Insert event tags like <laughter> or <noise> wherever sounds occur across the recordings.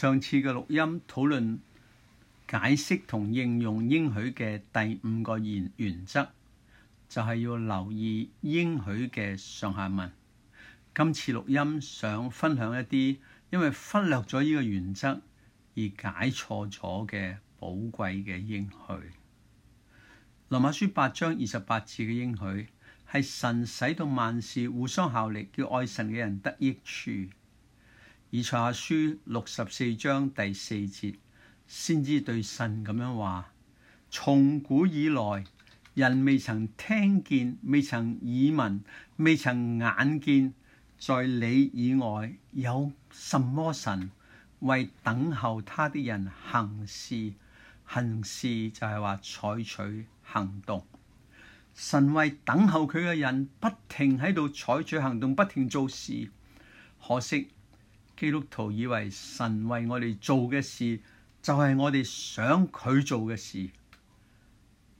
上次嘅錄音討論解釋同應用應許嘅第五個原原則，就係、是、要留意應許嘅上下文。今次錄音想分享一啲，因為忽略咗呢個原則而解錯咗嘅寶貴嘅應許。羅馬書八章二十八節嘅應許係神使到萬事互相效力，叫愛神嘅人得益處。以賽亞書六十四章第四節，先知對神咁樣話：從古以來，人未曾聽見，未曾耳聞，未曾眼見，在你以外有什麼神為等候他的人行事？行事就係話採取行動。神為等候佢嘅人不停喺度採取行動，不停做事。可惜，基督徒以為神為我哋做嘅事就係我哋想佢做嘅事。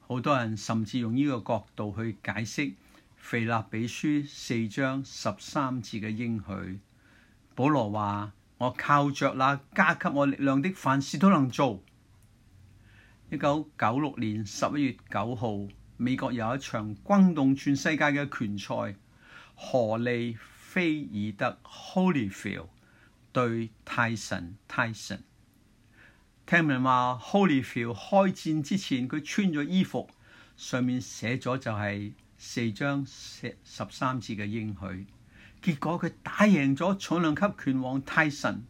好、就是、多人甚至用呢個角度去解釋《腓立比書》四章十三節嘅應許。保羅話：我靠着那加給我力量的，凡事都能做。一九九六年十一月九號，美國有一場轟動全世界嘅拳賽，荷利菲爾德 （Holyfield）。對泰神，泰神，聽聞話 Holyfield 開戰之前，佢穿咗衣服，上面寫咗就係四章十三字嘅應許。結果佢打贏咗重量級拳王泰神，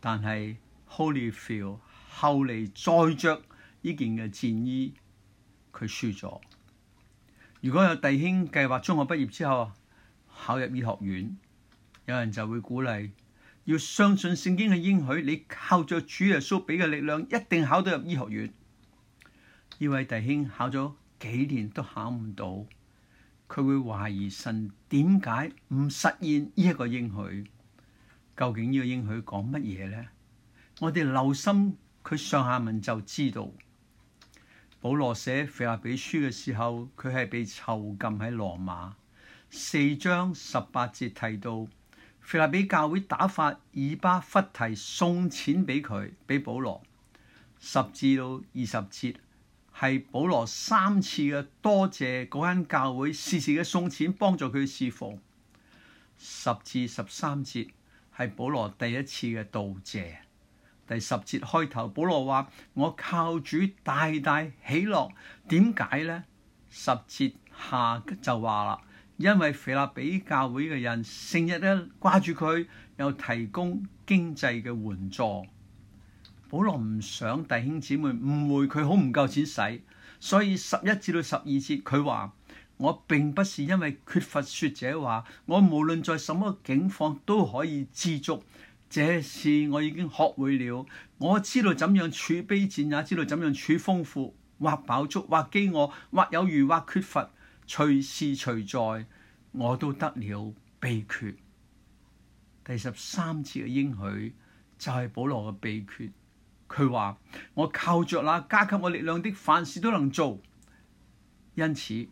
但係 Holyfield 後嚟再着呢件嘅戰衣，佢輸咗。如果有弟兄計劃中學畢業之後考入醫學院，有人就會鼓勵，要相信聖經嘅應許，你靠着主耶穌俾嘅力量，一定考到入醫學院。呢位弟兄考咗幾年都考唔到，佢會懷疑神點解唔實現呢一個應許？究竟呢個應許講乜嘢呢？我哋留心佢上下文就知道，保羅寫腓立比書嘅時候，佢係被囚禁喺羅馬。四章十八節提到。腓立比教會打發以巴弗提送錢俾佢，俾保羅。十至到二十節係保羅三次嘅多謝嗰間教會時時嘅送錢幫助佢侍奉。十至十三節係保羅第一次嘅道謝。第十節開頭，保羅話：我靠主大大喜樂。點解呢？十節下就話啦。因為腓立比教會嘅人成日咧掛住佢，又提供經濟嘅援助。保羅唔想弟兄姊妹誤會佢好唔夠錢使，所以十一至到十二節佢話：我並不是因為缺乏説這話，我無論在什麼景況都可以知足。這是我已經學會了，我知道怎樣處卑賤，也知道怎樣處豐富、或飽足、或飢餓、或有餘、或缺乏。隨時隨在，我都得了秘訣。第十三節嘅應許就係、是、保羅嘅秘訣。佢話我靠着那加給我力量的，凡事都能做。因此呢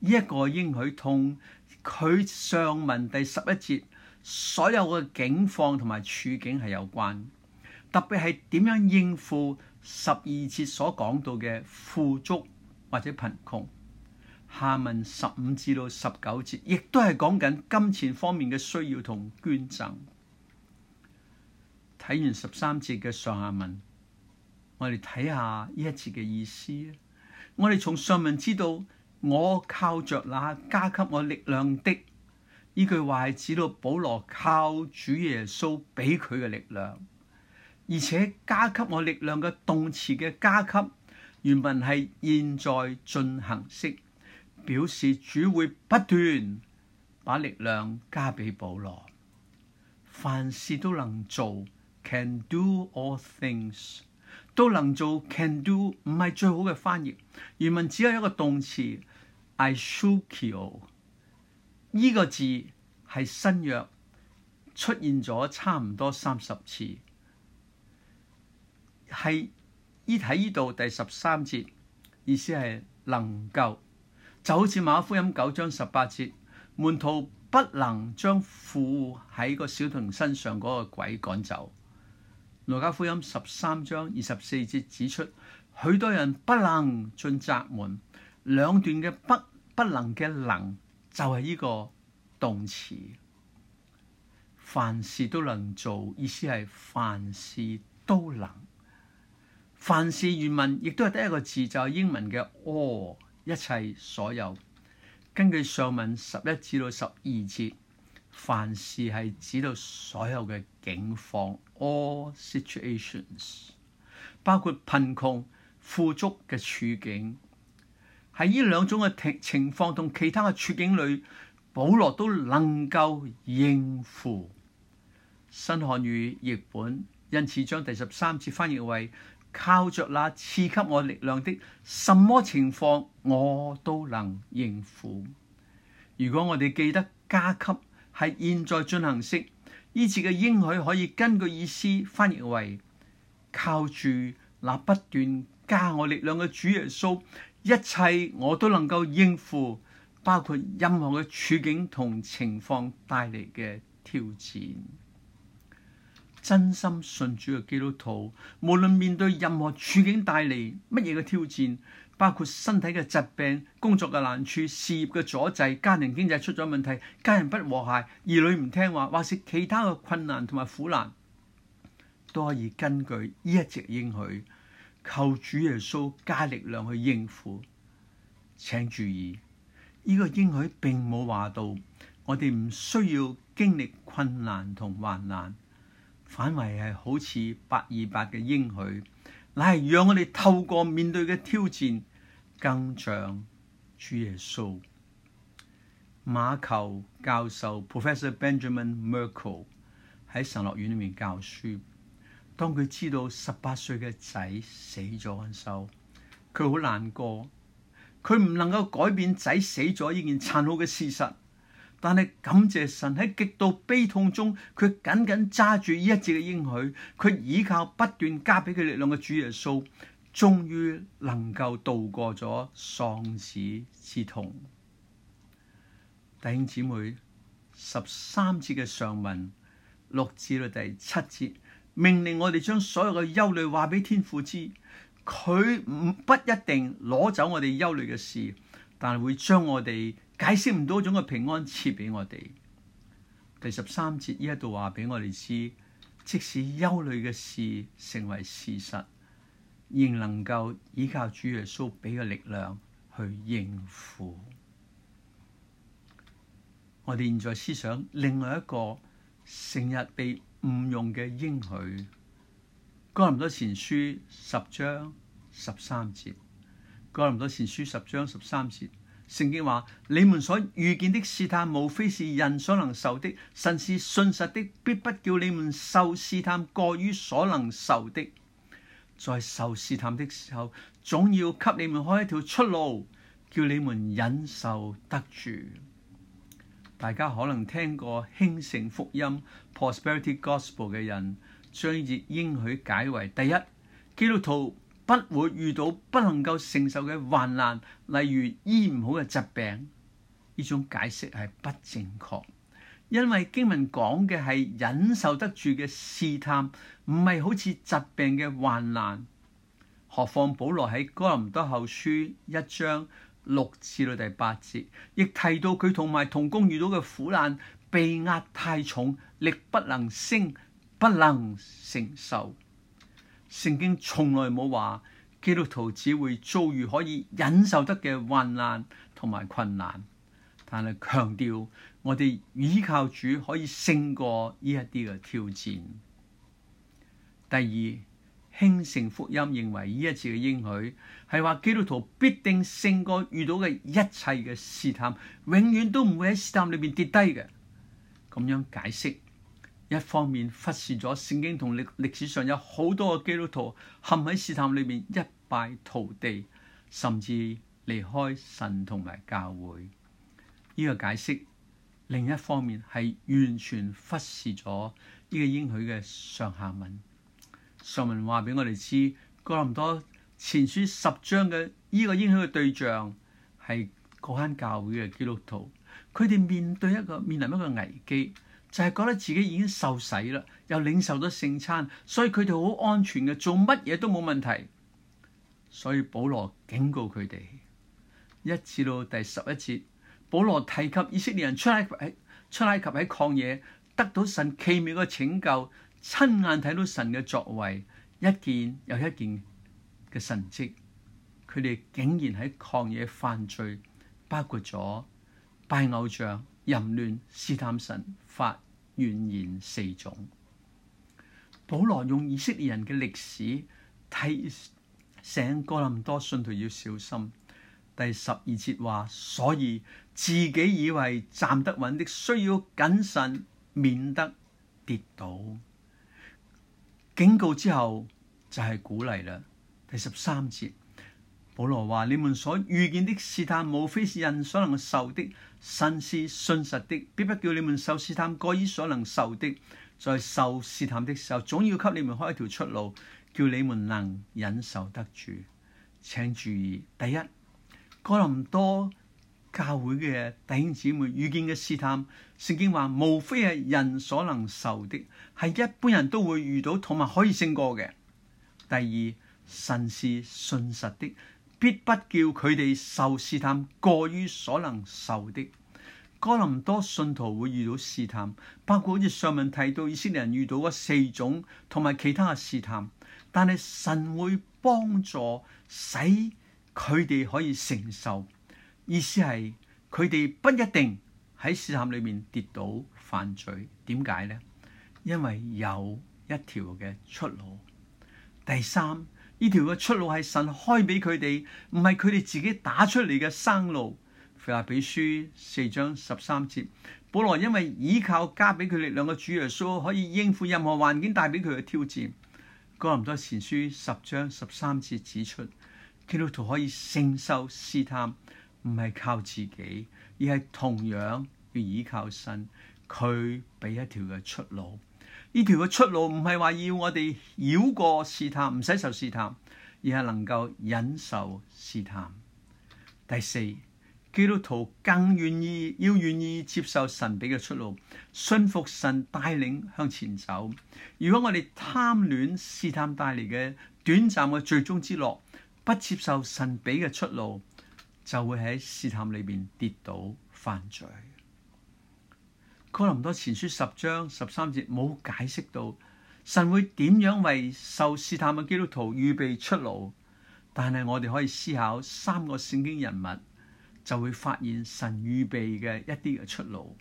一、這個應許同佢上文第十一節所有嘅境況同埋處境係有關，特別係點樣應付十二節所講到嘅富足或者貧窮。下文十五至到十九節，亦都係講緊金錢方面嘅需要同捐贈。睇完十三節嘅上下文，我哋睇下呢一節嘅意思。我哋從上文知道，我靠着那加給我力量的呢句話係指到保羅靠主耶穌俾佢嘅力量，而且加給我力量嘅動詞嘅加給原文係現在進行式。表示主會不斷把力量加俾保羅，凡事都能做，can do all things，都能做，can do 唔係最好嘅翻譯。原文只有一個動詞，ischuo。依、呢個字係新約出現咗差唔多三十次，係依喺呢度第十三節，意思係能夠。就好似馬可福音九章十八節，門徒不能將附喺個小童身上嗰個鬼趕走。路加福音十三章二十四節指出，許多人不能進窄門。兩段嘅不不能嘅能，就係、是、呢個動詞。凡事都能做，意思係凡事都能。凡事原文亦都係得一個字，就係、是、英文嘅哦、oh。一切所有，根據上文十一至到十二節，凡事係指到所有嘅境況，all situations，包括貧窮、富足嘅處境，喺呢兩種嘅情況同其他嘅處境裏，保羅都能夠應付。新漢語譯本因此將第十三節翻譯為。靠着那賜給我力量的，什麼情況我都能應付。如果我哋記得加給係現在進行式，呢節嘅應許可以根據意思翻譯為靠住那不斷加我力量嘅主耶穌，一切我都能夠應付，包括任何嘅處境同情況帶嚟嘅挑戰。真心信主嘅基督徒，無論面對任何處境帶嚟乜嘢嘅挑戰，包括身體嘅疾病、工作嘅難處、事業嘅阻滯、家庭經濟出咗問題、家人不和諧、兒女唔聽話，或是其他嘅困難同埋苦難，都可以根據呢一節應許，靠主耶穌加力量去應付。請注意，呢、這個應許並冇話到我哋唔需要經歷困難同患難。反為係好似八二八嘅應許，乃係讓我哋透過面對嘅挑戰，更像主耶穌。馬球教授 Professor Benjamin Merkle 喺神樂院裏面教書，當佢知道十八歲嘅仔死咗嘅時候，佢好難過，佢唔能夠改變仔死咗呢件殘酷嘅事實。但係感謝神喺極度悲痛中，佢緊緊揸住呢一節嘅應許，佢依靠不斷加俾佢力量嘅主耶穌，終於能夠渡過咗喪子之痛。弟兄姊妹，十三節嘅上文六至到第七節，命令我哋將所有嘅憂慮話俾天父知，佢唔不一定攞走我哋憂慮嘅事，但係會將我哋。解釋唔到一種嘅平安賜俾我哋，第十三節呢一度話俾我哋知，即使憂慮嘅事成為事實，仍能夠依靠主耶穌俾嘅力量去應付。我哋現在思想另外一個成日被誤用嘅應許，哥林多前書十章十三節，哥林多前書十章十三節。聖經話：你們所遇見的試探，無非是人所能受的；神是信實的，必不叫你們受試探過於所能受的。在受試探的時候，總要給你們開一條出路，叫你們忍受得住。大家可能聽過興盛福音 （Prosperity Gospel） 嘅人，將這應許解為第一，基督徒，不會遇到不能夠承受嘅患難，例如醫唔好嘅疾病。呢種解釋係不正確，因為經文講嘅係忍受得住嘅試探，唔係好似疾病嘅患難。何況保羅喺哥林多後書一章六至到第八節，亦提到佢同埋同工遇到嘅苦難，被壓太重，力不能升，不能承受。聖經從來冇話基督徒只會遭遇可以忍受得嘅患難同埋困難，但係強調我哋依靠主可以勝過呢一啲嘅挑戰。第二，興盛福音認為呢一次嘅應許係話基督徒必定勝過遇到嘅一切嘅試探，永遠都唔會喺試探裏邊跌低嘅，咁樣解釋。一方面忽視咗聖經同歷歷史上有好多個基督徒陷喺試探裏面一敗塗地，甚至離開神同埋教會呢個解釋；另一方面係完全忽視咗呢個應許嘅上下文。上文話俾我哋知，哥林多前書十章嘅呢個應許嘅對象係嗰間教會嘅基督徒，佢哋面對一個，面臨一個危機。就係覺得自己已經受洗啦，又領受咗聖餐，所以佢哋好安全嘅，做乜嘢都冇問題。所以保羅警告佢哋一直到第十一節，保羅提及以色列人出埃及曠野、出埃及喺曠野得到神奇妙嘅拯救，親眼睇到神嘅作為，一件又一件嘅神跡，佢哋竟然喺曠野犯罪，包括咗拜偶像。淫亂、試探神、發怨言四種，保羅用以色列人嘅歷史提醒哥林多信徒要小心。第十二節話，所以自己以為站得穩的，需要謹慎，免得跌倒。警告之後就係鼓勵啦。第十三節。保羅話：你們所遇見的試探，無非是人所能受的。神是信實的，必不叫你們受試探過於所能受的。在受試探的時候，總要給你們開一條出路，叫你們能忍受得住。請注意，第一，哥林多教會嘅弟兄姊妹遇見嘅試探，聖經話無非係人所能受的，係一般人都會遇到，同埋可以勝過嘅。第二，神是信實的。必不叫佢哋受試探過於所能受的。哥林多信徒會遇到試探，包括好似上文提到以色列人遇到嗰四種同埋其他嘅試探，但係神會幫助使佢哋可以承受。意思係佢哋不一定喺試探裏面跌倒犯罪。點解呢？因為有一條嘅出路。第三。呢條嘅出路係神開俾佢哋，唔係佢哋自己打出嚟嘅生路。腓立比書四章十三節，保羅因為依靠加俾佢力量嘅主耶穌，以可以應付任何環境帶俾佢嘅挑戰。哥林多前書十章十三節指出，基督徒可以承受試探，唔係靠自己，而係同樣要依靠神，佢俾一條嘅出路。呢條嘅出路唔係話要我哋繞過試探，唔使受試探，而係能夠忍受試探。第四，基督徒更願意要願意接受神俾嘅出路，信服神帶領向前走。如果我哋貪戀試探帶嚟嘅短暫嘅罪中之樂，不接受神俾嘅出路，就會喺試探裏邊跌倒犯罪。哥林多前書十章十三節冇解釋到神會點樣為受試探嘅基督徒預備出路，但係我哋可以思考三個聖經人物，就會發現神預備嘅一啲嘅出路。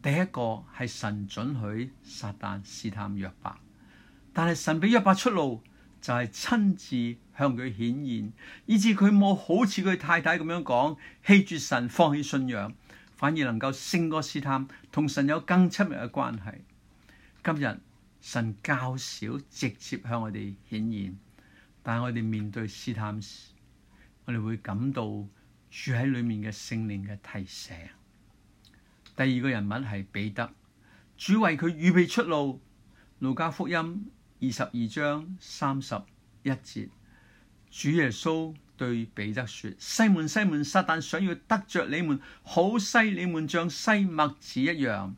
第一個係神准許撒旦試探約伯，但係神俾約伯出路就係、是、親自向佢顯現，以致佢冇好似佢太太咁樣講棄絕神、放棄信仰。反而能夠勝過試探，同神有更親密嘅關係。今日神較少直接向我哋顯現，但係我哋面對試探時，我哋會感到住喺裏面嘅聖靈嘅提醒。第二個人物係彼得，主為佢預備出路。路加福音二十二章三十一節，主耶穌。對彼得說：西門西門，撒旦想要得着你們，好篩你們像篩麥子一樣。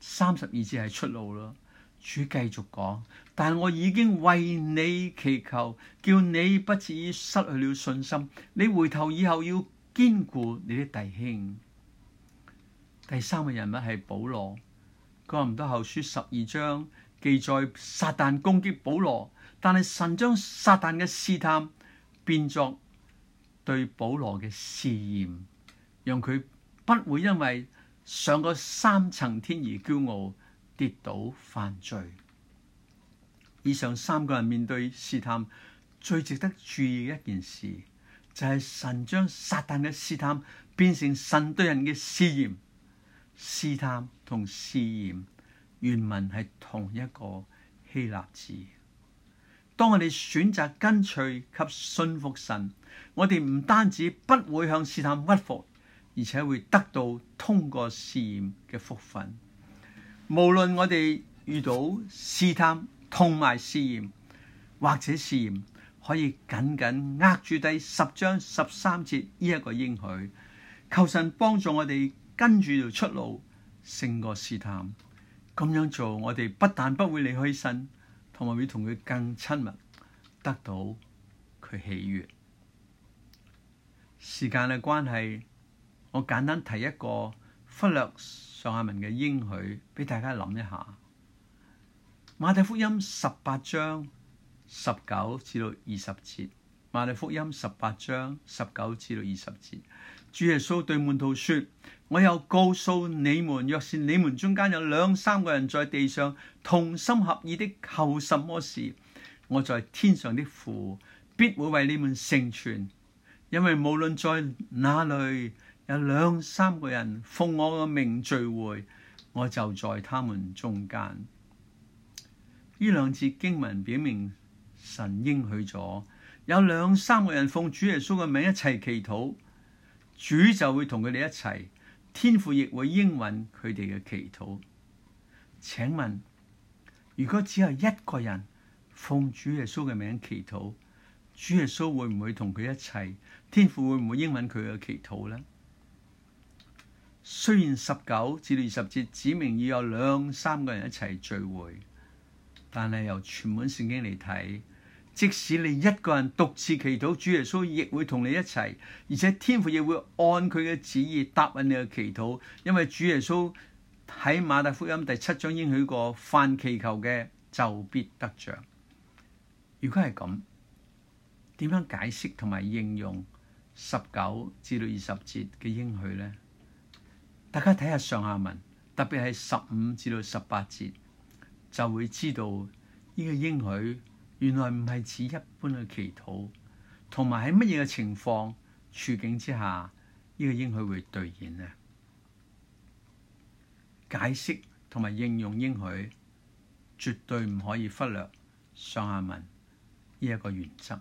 三十二節係出路咯。主繼續講：但我已經為你祈求，叫你不至於失去了信心。你回頭以後要堅固你的弟兄。第三個人物係保羅，哥林多後書十二章記載撒旦攻擊保羅，但係神將撒旦嘅試探變作。對保羅嘅試驗，讓佢不會因為上個三層天而驕傲跌倒犯罪。以上三個人面對試探，最值得注意嘅一件事，就係神將撒旦嘅試探變成神對人嘅試驗。試探同試驗原文係同一個希臘字。當我哋選擇跟隨及信服神，我哋唔單止不會向試探屈服，而且會得到通過試驗嘅福分。無論我哋遇到試探同埋試驗，或者試驗，可以緊緊握住第十章十三節呢一個應許。求神幫助我哋跟住條出路勝過試探。咁樣做，我哋不但不會離開神。同埋要同佢更親密，得到佢喜悅。時間嘅關係，我簡單提一個忽略上下文嘅應許，俾大家諗一下。馬太福音十八章十九至到二十節，馬太福音十八章十九至到二十節。主耶穌對門徒說：我又告訴你們，若是你們中間有兩三個人在地上同心合意的求什麼事，我在天上的父必會為你們成全，因為無論在哪裏有兩三個人奉我嘅名聚會，我就在他們中間。呢兩節經文表明神應許咗，有兩三個人奉主耶穌嘅名一齊祈禱。主就會同佢哋一齊，天父亦會應允佢哋嘅祈禱。請問，如果只有一個人奉主耶穌嘅名祈禱，主耶穌會唔會同佢一齊？天父會唔會應允佢嘅祈禱呢？雖然十九至二十節指明要有兩三個人一齊聚會，但係由全本聖經嚟睇。即使你一個人獨自祈禱，主耶穌亦會同你一齊，而且天父亦會按佢嘅旨意答應你嘅祈禱。因為主耶穌喺馬太福音第七章應許過，凡祈求嘅就必得着。如果係咁，點樣解釋同埋應用十九至到二十節嘅應許呢？大家睇下上下文，特別係十五至到十八節，就會知道呢個應許。原來唔係指一般嘅祈禱，同埋喺乜嘢嘅情況處境之下，呢、這個應許會兌現咧？解釋同埋應用應許，絕對唔可以忽略上下文，呢一個原則。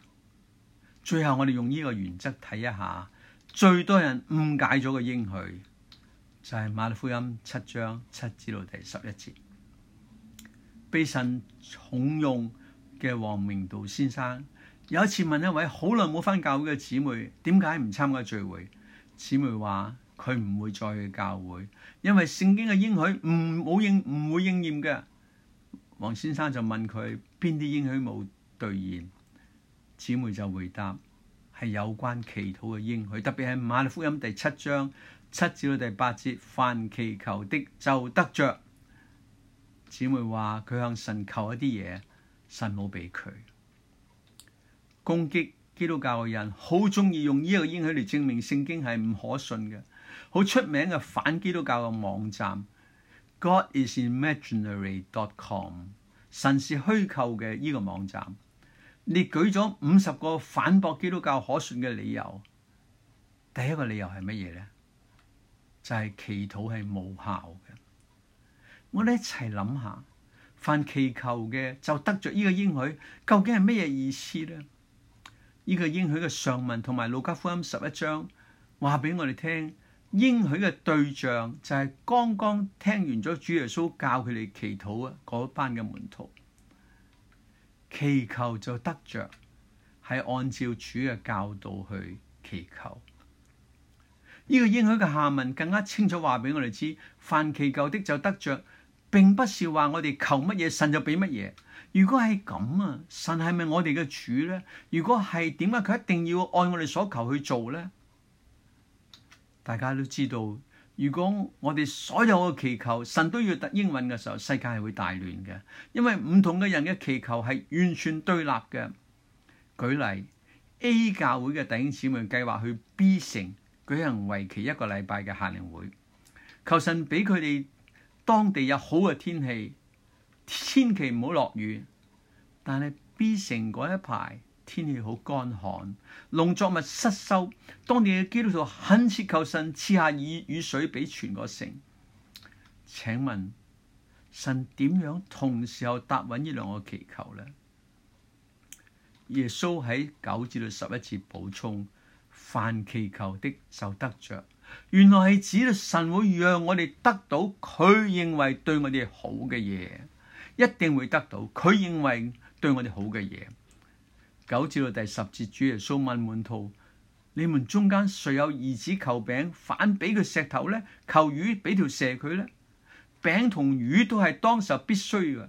最後我哋用呢個原則睇一下，最多人誤解咗嘅應許，就係、是、馬太福音七章七至到第十一節，被神重用嘅王明道先生有一次問一位好耐冇返教會嘅姊妹，點解唔參加聚會？姊妹話佢唔會再去教會，因為聖經嘅應許唔冇應唔會應驗嘅。王先生就問佢邊啲應許冇兌現？姊妹就回答係有關祈禱嘅應許，特別係馬利福音第七章七至到第八節，凡祈求的就得着。姊妹話佢向神求一啲嘢。神冇俾佢。攻擊基督教嘅人，好鍾意用呢個應許嚟證明聖經係唔可信嘅。好出名嘅反基督教嘅網站 GodIsImaginary.com，神是虛構嘅呢個網站。你舉咗五十個反駁基督教可信嘅理由，第一個理由係乜嘢咧？就係祈禱係無效嘅。我哋一齊諗下。凡祈求嘅就得着呢個應許，究竟係咩嘢意思咧？呢個應許嘅上文同埋路加福音十一章話俾我哋聽，應許嘅對象就係剛剛聽完咗主耶穌教佢哋祈禱啊嗰班嘅門徒，祈求就得着，係按照主嘅教導去祈求。呢個應許嘅下文更加清楚話俾我哋知，凡祈求的就得着。並不是話我哋求乜嘢神就俾乜嘢。如果係咁啊，神係咪我哋嘅主呢？如果係，點解佢一定要按我哋所求去做呢？大家都知道，如果我哋所有嘅祈求神都要應允嘅時候，世界係會大亂嘅。因為唔同嘅人嘅祈求係完全對立嘅。舉例，A 教會嘅弟兄姊妹計劃去 B 城舉行為期一個禮拜嘅夏令會，求神俾佢哋。當地有好嘅天氣，千祈唔好落雨。但係 B 城嗰一排天氣好乾旱，農作物失收。當地嘅基督徒懇切求神賜下雨雨水俾全個城。請問神點樣同時候答穩呢兩個祈求呢？耶穌喺九至到十一節補充：凡祈求的就得着。原來係指神會讓我哋得到佢認為對我哋好嘅嘢，一定會得到佢認為對我哋好嘅嘢。九至到第十節主耶穌問門徒：你們中間誰有兒子求餅，反俾佢石頭呢？求魚俾條蛇佢呢？餅同魚都係當時候必須嘅，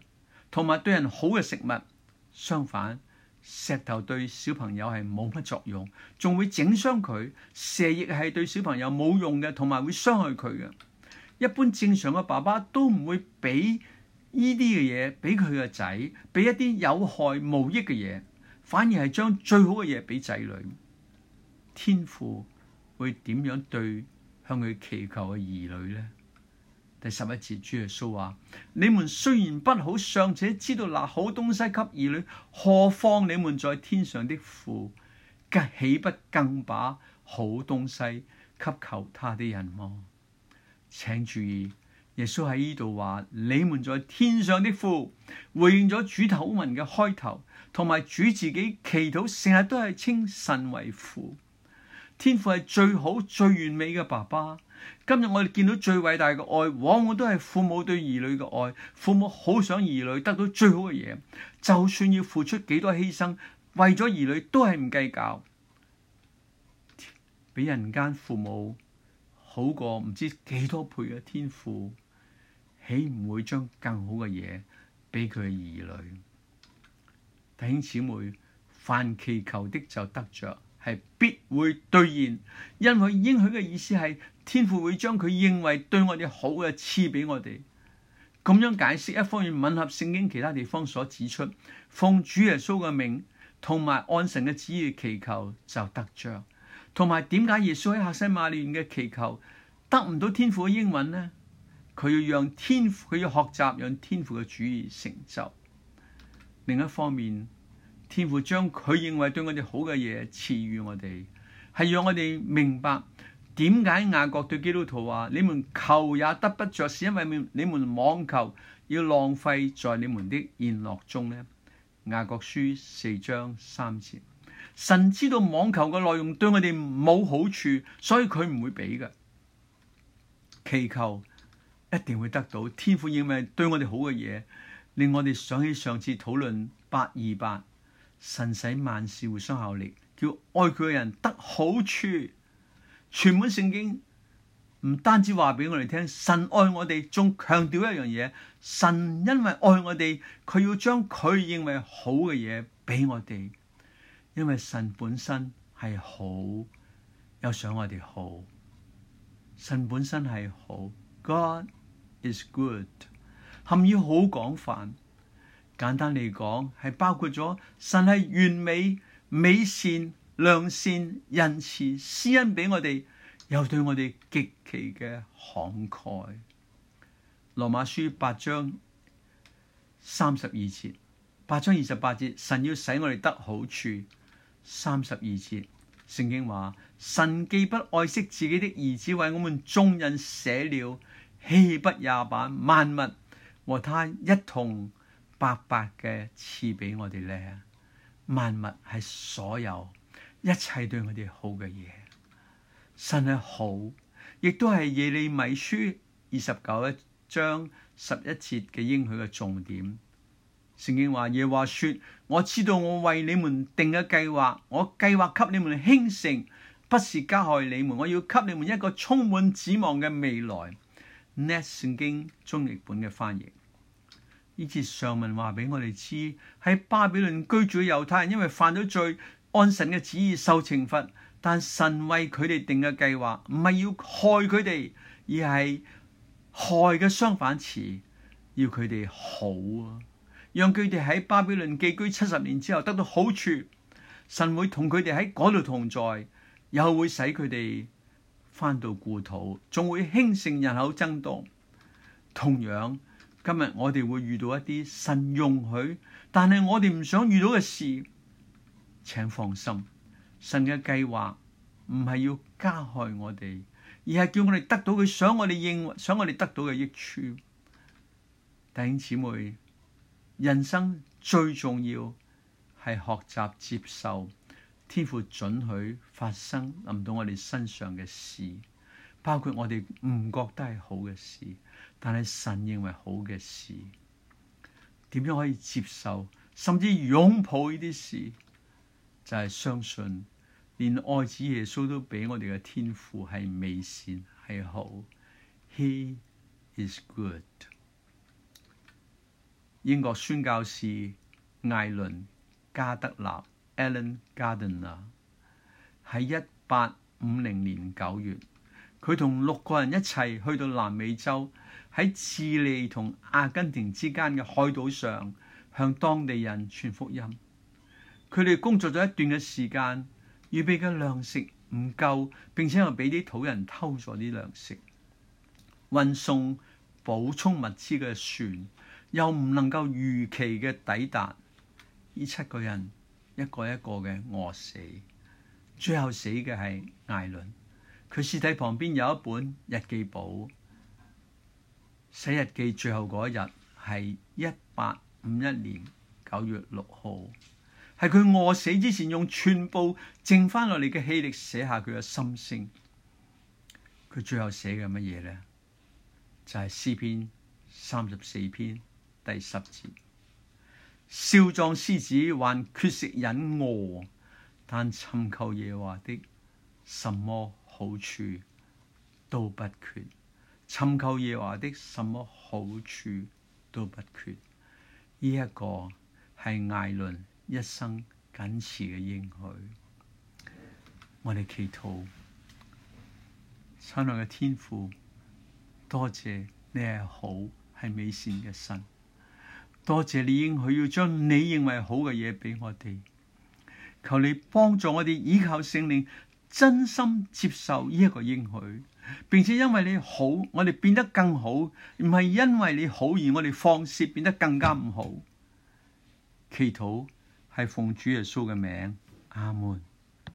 同埋對人好嘅食物。相反。石頭對小朋友係冇乜作用，仲會整傷佢。蛇亦係對小朋友冇用嘅，同埋會傷害佢嘅。一般正常嘅爸爸都唔會俾呢啲嘅嘢俾佢個仔，俾一啲有害無益嘅嘢，反而係將最好嘅嘢俾仔女。天父會點樣對向佢祈求嘅兒女呢？第十一節，主耶穌話：你們雖然不好，尚且知道拿好東西給兒女，何況你們在天上的父，豈不更把好東西給求他的人麼？請注意，耶穌喺呢度話：你們在天上的父，回應咗主禱文嘅開頭，同埋主自己祈禱成日都係稱神為父，天父係最好最完美嘅爸爸。今日我哋見到最偉大嘅愛，往往都係父母對兒女嘅愛。父母好想兒女得到最好嘅嘢，就算要付出幾多犧牲，為咗兒女都係唔計較，比人間父母好過唔知幾多倍嘅天父，豈唔會將更好嘅嘢俾佢嘅兒女？弟兄姊妹，凡祈求的就得着，係必會兌現，因為應許嘅意思係。天父會將佢認為對我哋好嘅賜俾我哋，咁樣解釋一方面吻合聖經其他地方所指出，奉主耶穌嘅名同埋按神嘅旨意祈求就得着，同埋點解耶穌喺客西馬尼嘅祈求得唔到天父嘅應允呢？佢要讓天父，佢要學習讓天父嘅旨意成就。另一方面，天父將佢認為對我哋好嘅嘢賜予我哋，係讓我哋明白。點解亞國對基督徒話「你們求也得不着」？是因為你你們妄求，要浪費在你們的宴樂中呢？亞國書四章三節，神知道妄求嘅內容對我哋冇好處，所以佢唔會俾嘅。祈求一定會得到，天父應許對我哋好嘅嘢，令我哋想起上次討論八二八，神使萬事互相效力，叫愛佢嘅人得好處。全本聖經唔單止話俾我哋聽，神愛我哋，仲強調一樣嘢：神因為愛我哋，佢要將佢認為好嘅嘢畀我哋，因為神本身係好，又想我哋好。神本身係好，God is good，含義好廣泛。簡單嚟講，係包括咗神係完美、美善。良善仁慈施恩畀我哋，又對我哋極其嘅慷慨。羅馬書八章三十二節，八章二十八節，神要使我哋得好處。三十二節，聖經話，神既不愛惜自己的兒子，為我們眾人捨了，豈不也把萬物和他一同白白嘅賜俾我哋呢？萬物係所有。一切對我哋好嘅嘢，神係好，亦都係耶利米書二十九章十一節嘅應許嘅重點。聖經話耶和華說：我知道我為你們定嘅計劃，我計劃給你們興盛，不是加害你們，我要給你們一個充滿指望嘅未來。net <music> 聖經中譯本嘅翻譯呢次上文話俾我哋知，喺巴比倫居住嘅猶太人因為犯咗罪。按神嘅旨意受懲罰，但神為佢哋定嘅計劃唔係要害佢哋，而係害嘅相反詞，要佢哋好啊！讓佢哋喺巴比倫寄居七十年之後得到好處，神會同佢哋喺嗰度同在，又會使佢哋翻到故土，仲會興盛，人口增多。同樣，今日我哋會遇到一啲神容許，但係我哋唔想遇到嘅事。請放心，神嘅計劃唔係要加害我哋，而係叫我哋得到佢想我哋應想我哋得到嘅益處。弟兄姊妹，人生最重要係學習接受天父准許發生臨到我哋身上嘅事，包括我哋唔覺得係好嘅事，但係神認為好嘅事，點樣可以接受，甚至擁抱呢啲事？就係相信，連愛子耶穌都俾我哋嘅天父係美善係好。He is good。英國宣教士艾倫加德納 e l l e n Gardener） 喺一八五零年九月，佢同六個人一齊去到南美洲，喺智利同阿根廷之間嘅海島上，向當地人傳福音。佢哋工作咗一段嘅時間，預備嘅糧食唔夠，並且又俾啲土人偷咗啲糧食。運送補充物資嘅船又唔能夠如期嘅抵達，呢七個人一個一個嘅餓死，最後死嘅係艾倫。佢屍體旁邊有一本日記簿，寫日記最後嗰一日係一八五一年九月六號。係佢餓死之前，用全部剩翻落嚟嘅氣力寫下佢嘅心聲。佢最後寫嘅係乜嘢咧？就係詩篇三十四篇第十節：少壯獅子還缺食忍餓，但尋求耶和華的什麼好處都不缺；尋求耶和華的什麼好處都不缺。呢一個係艾倫。一生僅此嘅應許，我哋祈禱。親愛嘅天父，多謝你係好係美善嘅神，多謝你應許要將你認為好嘅嘢畀我哋。求你幫助我哋，依靠聖靈，真心接受呢一個應許。並且因為你好，我哋變得更好，唔係因為你好而我哋放肆變得更加唔好。祈禱。係奉主耶穌嘅名，阿門。